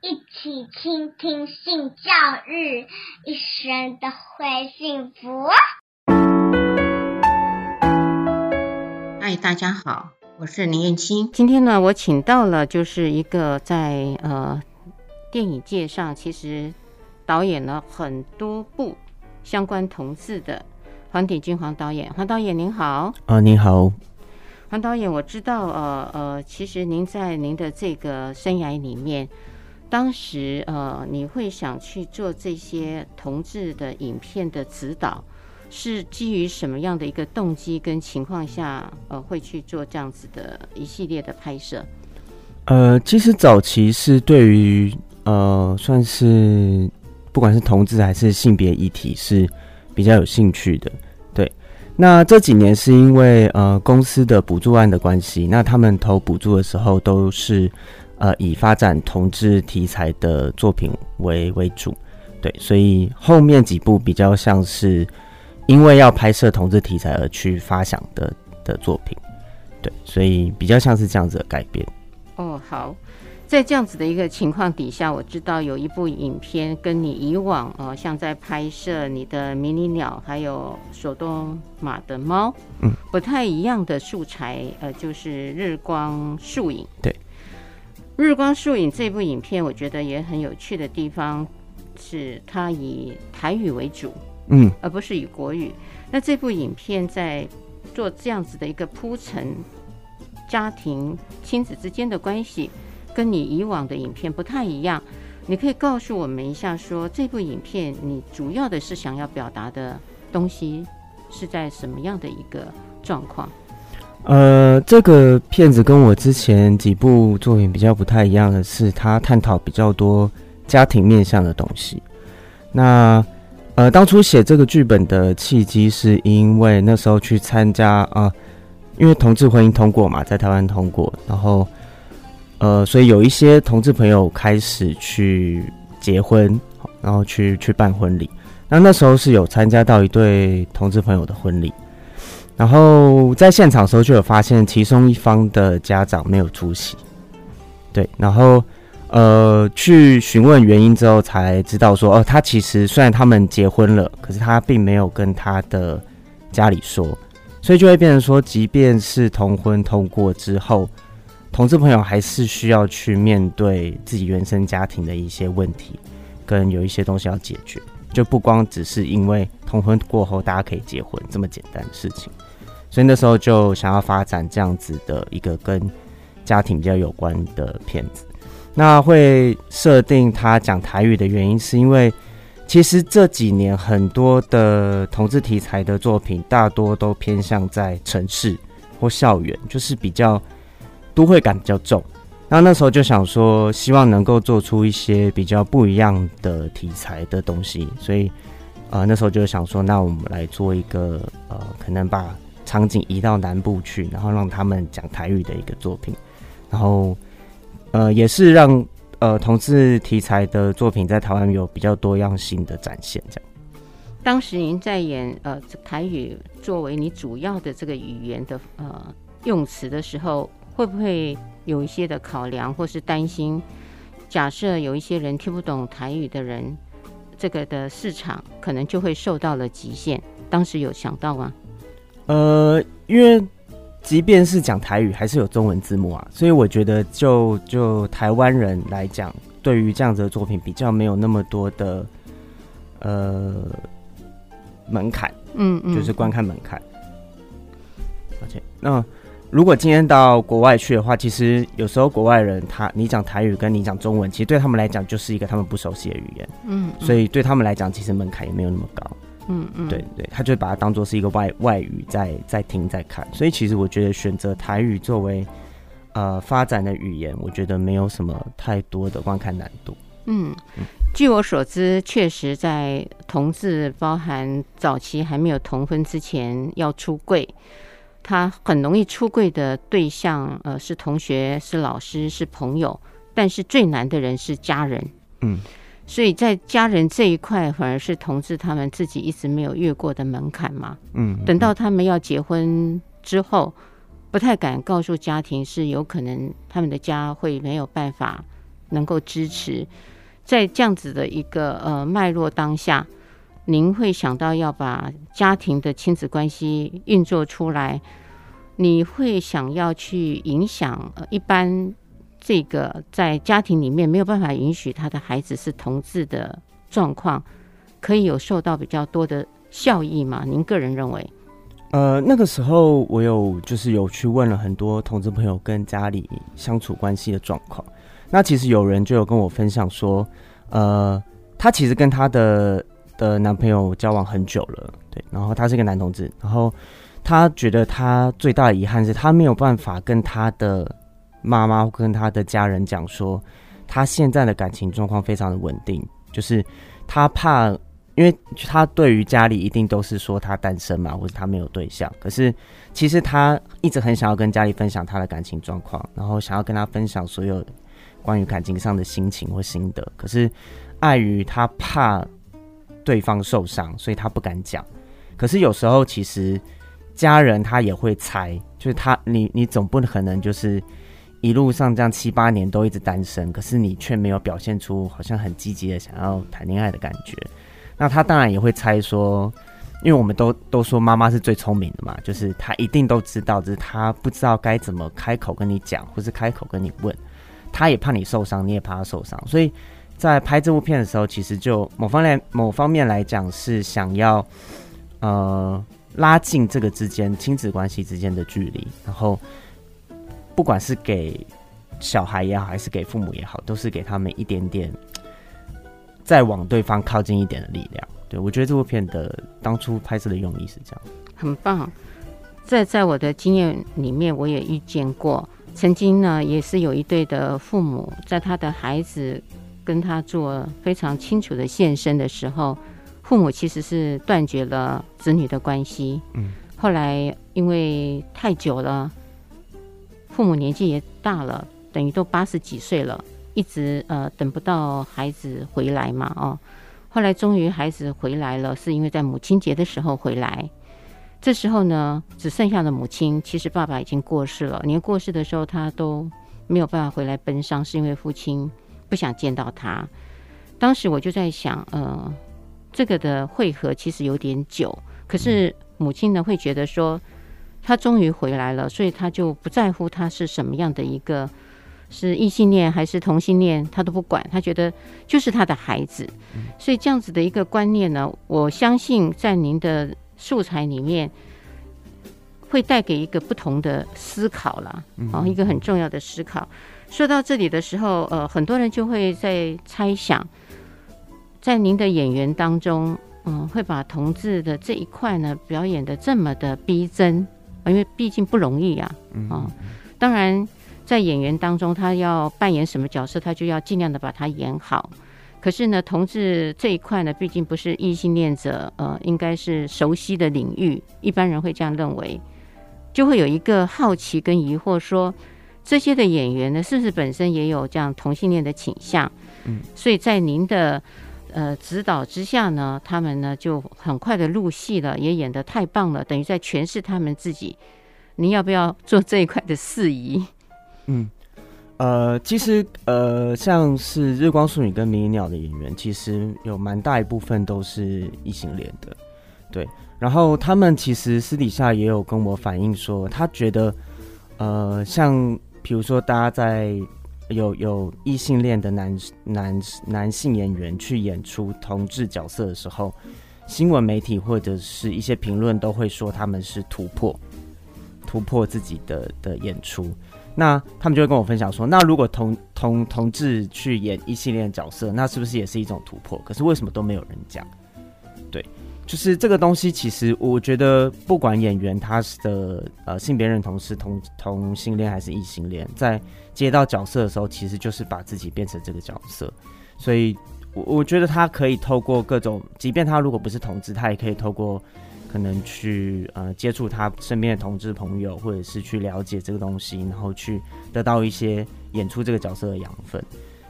一起傾聽性教育，一生都會幸福。嗨，大家好，我是林燕青。今天呢，我請到了就是一個在呃電影界上其實導演了很多部相關同志的黃鼎鈞黃導演。黃導演您好啊，您好，黃導演，我知道呃呃，其實您在您的這個生涯裡面。當時，呃，你會想去做這些同志的影片的指導，是基於什麼樣的一個動機跟情況下，呃，會去做這樣子的一系列的拍攝？呃，其實早期是對於呃，算是不管是同志還是性別議題是比較有興趣的。對，那這幾年是因為呃公司的補助案的關係，那他們投補助的時候都是。呃，以發展同志題材的作品為為主，對，所以後面幾部比較像是因為要拍攝同志題材而去發想的的作品，對，所以比較像是這樣子的改編。哦，好，在這樣子的一個情況底下，我知道有一部影片跟你以往呃，像在拍攝你的迷你鳥，還有手動馬的貓，嗯，不太一樣的素材，呃，就是日光樹影，對。《日光樹影》這部影片，我覺得也很有趣的地方是，它以台語為主，嗯，而不是以國語、嗯。那這部影片在做這樣子的一個鋪陳，家庭親子之間的關係，跟你以往的影片不太一樣。你可以告訴我們一下，說這部影片你主要的是想要表達的東西是在什麼樣的一個狀況？呃，這個片子跟我之前幾部作品比較不太一樣的是，他探討比較多家庭面向的東西。那呃，當初寫這個劇本的契機，是因為那時候去參加啊，呃，因為同志婚姻通過嘛，在台灣通過，然後呃，所以有一些同志朋友開始去結婚，然後去去辦婚禮。那那時候是有參加到一對同志朋友的婚禮。然後在現場的時候就有發現，其中一方的家長沒有出席，對，然後呃去詢問原因之後才知道說，哦，他其實雖然他們結婚了，可是他並沒有跟他的家裡說，所以就會變成說，即便是同婚通過之後，同志朋友還是需要去面對自己原生家庭的一些問題，跟有一些東西要解決，就不光只是因為同婚過後大家可以結婚這麼簡單的事情。所以那時候就想要發展這樣子的一個跟家庭比較有關的片子。那會設定他講台語的原因，是因為其實這幾年很多的同志題材的作品，大多都偏向在城市或校園，就是比較都會感比較重。那那時候就想說，希望能夠做出一些比較不一樣的題材的東西。所以，呃，那時候就想說，那我們來做一個，呃，可能把場景移到南部去，然後讓他們講台語的一個作品，然後呃，也是讓呃同志題材的作品在台灣有比較多樣性的展現。這樣。當時您在演呃台語作為你主要的這個語言的呃用詞的時候，會不會有一些的考量，或是擔心？假設有一些人聽不懂台語的人，這個的市場可能就會受到了極限。當時有想到嗎？呃，因為即便是講台語，還是有中文字幕啊，所以我覺得就就台灣人來講，對於這樣子的作品比較沒有那麼多的呃門檻，嗯嗯，就是觀看門檻。而且，那如果今天到國外去的話，其實有時候國外人他你講台語跟你講中文，其實對他們來講就是一個他們不熟悉的語言，嗯嗯，所以對他們來講，其實門檻也沒有那麼高。嗯嗯，對對，他就把它當做是一個外外語在，在在聽在看，所以其實我覺得選擇台語作為呃發展的語言，我覺得沒有什麼太多的觀看難度。嗯，據我所知，確實在同志包含早期還沒有同婚之前要出櫃，他很容易出櫃的對象呃是同學、是老師、是朋友，但是最難的人是家人。嗯。所以在家人這一塊，反而是同志他們自己一直沒有越過的門檻嘛。嗯、嗯、嗯，等到他們要結婚之後，不太敢告訴家庭，是有可能他們的家會沒有辦法能夠支持。在這樣子的一個呃脈絡當下，您會想到要把家庭的親子關係運作出來，你會想要去影響呃一般？這個在家庭裡面沒有辦法允許他的孩子是同志的狀況，可以有受到比較多的效益嗎？您個人認為？呃，那個時候我有就是有去問了很多同志朋友跟家裡相處關係的狀況。那其實有人就有跟我分享說，呃，他其實跟他的的男朋友交往很久了，對，然後他是個男同志，然後他覺得他最大的遺憾是他沒有辦法跟他的。媽媽跟他的家人講說，他現在的感情狀況非常的穩定，就是他怕，因為他對於家裡一定都是說他單身嘛，或者他沒有對象。可是其實他一直很想要跟家裡分享他的感情狀況，然後想要跟他分享所有關於感情上的心情或心得。可是礙於他怕對方受傷，所以他不敢講。可是有時候其實家人他也會猜，就是他你你總不可能就是。一路上這樣七八年都一直單身，可是你卻沒有表現出好像很積極的想要談戀愛的感覺。那他當然也會猜說，因為我們都都說媽媽是最聰明的嘛，就是他一定都知道，就是他不知道該怎麼開口跟你講，或是開口跟你問。他也怕你受傷，你也怕他受傷。所以在拍這部片的時候，其實就某方面某方面來講是想要呃拉近這個之間，親子關係之間的距離，然後。不管是給小孩也好，還是給父母也好，都是給他們一點點再往對方靠近一點的力量。對，我覺得這部片的當初拍攝的用意是這樣，很棒。在在我的經驗裡面，我也遇見過。曾經呢，也是有一對的父母，在他的孩子跟他做非常清楚的現身的時候，父母其實是斷絕了子女的關係。嗯，後來因為太久了。父母年紀也大了，等於都八十幾歲了，一直呃等不到孩子回來嘛，哦，後來終於孩子回來了，是因為在母親節的時候回來。這時候呢，只剩下了母親。其實爸爸已經過世了，連過世的時候他都沒有辦法回來奔喪，是因為父親不想見到他。當時我就在想，呃，這個的會合其實有點久，可是母親呢會覺得說。他終於回來了，所以他就不在乎他是什麼樣的一個，是異性戀還是同性戀，他都不管，他覺得就是他的孩子。所以這樣子的一個觀念呢，我相信在您的素材裡面會帶給一個不同的思考了，啊、嗯嗯，一個很重要的思考。說到這裡的時候，呃，很多人就會在猜想，在您的演員當中，嗯、呃，會把同志的這一塊呢表演得這麼的逼真。因為畢竟不容易呀、啊，啊、哦，當然，在演員當中，他要扮演什麼角色，他就要盡量的把它演好。可是呢，同志這一塊呢，畢竟不是異性戀者，呃，應該是熟悉的領域。一般人會這樣認為，就會有一個好奇跟疑惑說，說這些的演員呢，是不是本身也有這樣同性戀的傾向？嗯，所以在您的。呃，指導之下呢，他們呢就很快的入戲了，也演得太棒了，等於在詮釋他們自己。你要不要做這一塊的事宜？嗯，呃，其實呃，像是《日光樹影》跟《迷你鳥》的演員，其實有蠻大一部分都是異性戀的，對。然後他們其實私底下也有跟我反映說，他覺得呃，像比如說大家在。有有異性戀的男男男性演員去演出同志角色的時候，新聞媒體或者是一些評論都會說他們是突破突破自己的的演出。那他們就會跟我分享說，那如果同同同志去演異性戀角色，那是不是也是一種突破？可是為什麼都沒有人講？對，就是這個東西。其實我覺得，不管演員他的呃性別認同是同同性戀還是異性戀，在接到角色的時候，其實就是把自己變成這個角色。所以我，我我覺得他可以透過各種，即便他如果不是同志，他也可以透過可能去呃接觸他身邊的同志朋友，或者是去了解這個東西，然後去得到一些演出這個角色的養分。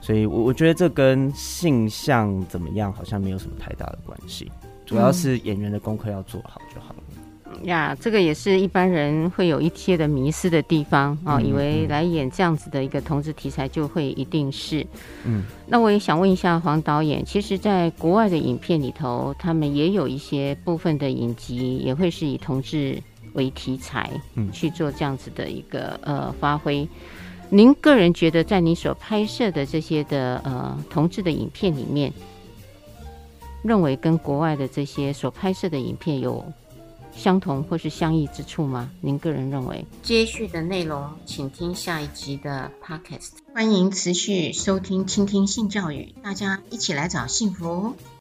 所以我，我我覺得這跟性向怎麼樣好像沒有什麼太大的關係。主要是演員的功課要做好就好了。呀、嗯，yeah, 這個也是一般人會有一些的迷思的地方啊、哦嗯，以為來演這樣子的一個同志題材就會一定是嗯。那我也想問一下黃導演，其實在國外的影片裡頭，他們也有一些部分的影集也會是以同志為題材，嗯，去做這樣子的一個呃發揮。您個人覺得，在你所拍攝的這些的呃同志的影片裡面，認為跟國外的這些所拍攝的影片有相同或是相異之處嗎？您個人認為？接續的內容，請聽下一集的 Podcast。歡迎持續收聽、傾聽性教育，大家一起來找幸福。